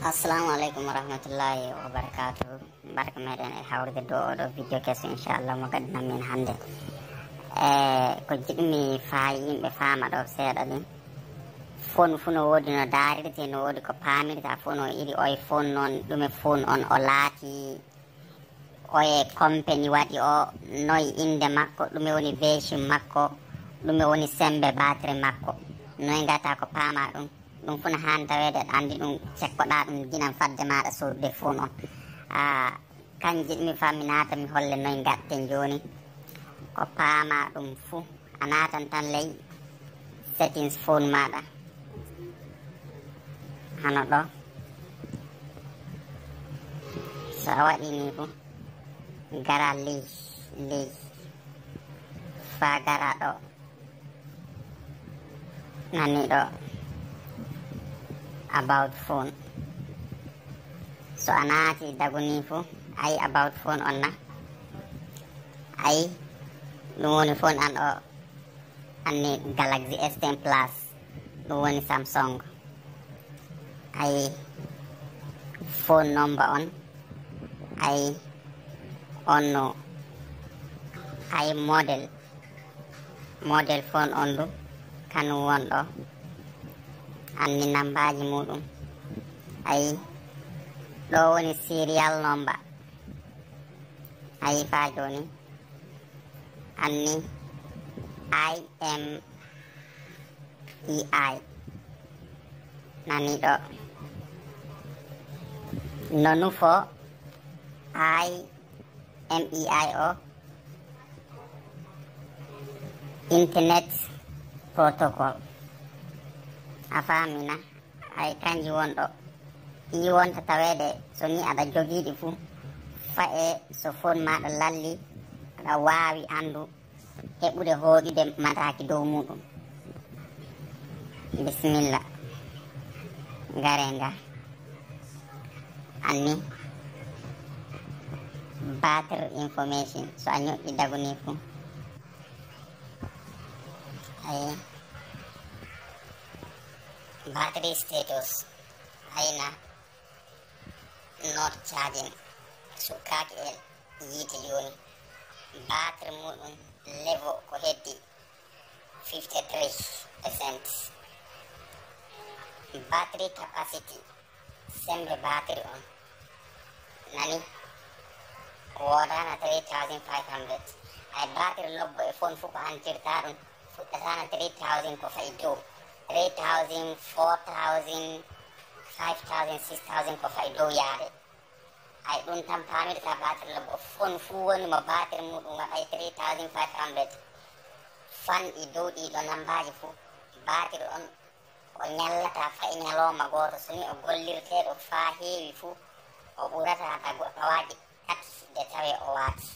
assalamu aleykum wa rahmatullahi wa barakatu barka meɗen e hawrude do oɗo video kesso inchallah mo gaddinan min hannde e ko jiɗmi faa yimɓe faama ɗo seeɗa ɗin fon fu no woodi no daarirte no woodi ko paamirta fo no iri oye fon noon ɗume fon on o laati oye compagni waɗi o noyi innde makko ɗume woni véchi makko ɗume woni sembe batre makko noye ngata ko paama ɗum ɗum kon han tawede andi ɗum cekkoɗa ɗum guinan fadde maɗa sorude fo noon kanji ɗumi fammi nata mi holle noye gatten joni ko paama ɗum fo a natan tan ley settings phone maɗa hano ɗo so a waɗini bo gara ley ley fa gara ɗo nani ɗo about phone so a naati dagu ni fu ayi about phone on na ayi ɗum woni phone an o anni galaxy stn plus ɗum woni samsung ayi phone number on ayi on no ayi model model phone on ndu kanum won ɗo amni nambaji mudum ay do woni serial nomba ay fa joni i e i nani i nonu fo i e o internet protocol a faamina ay kanji won ɗo ɗi wonta taweede so ni aɗa jogiiɗi fuu fae so fon maɗa lalli aɗa waawi anndu heɓude hooƴude mataaki dow muɗum bisimilla ngareenga anni batre information so a ñoƴƴi dagunii fuu ayi battery status aina not cajin sukkaki el yiite joni battery muɗum levo ko heddi 53 percent battery capacity sembe battery on nani wodana 3500 ay battery lobbo e fon fu ko hantirta ɗum fuɗɗatana 3000 ko fayi dow ko fay dow yaare ay ɗum tan pamirta batire lobo fon fuu woni mo batire muɗum waɗay 3500 fan i dow ɗiɗo nambaji fuu batire on o ñallata fay ñalowma goto soni o gollirteɗo faa heewi fuu o ɓurata ta goɗɗo waaji ɗat de tawe o waati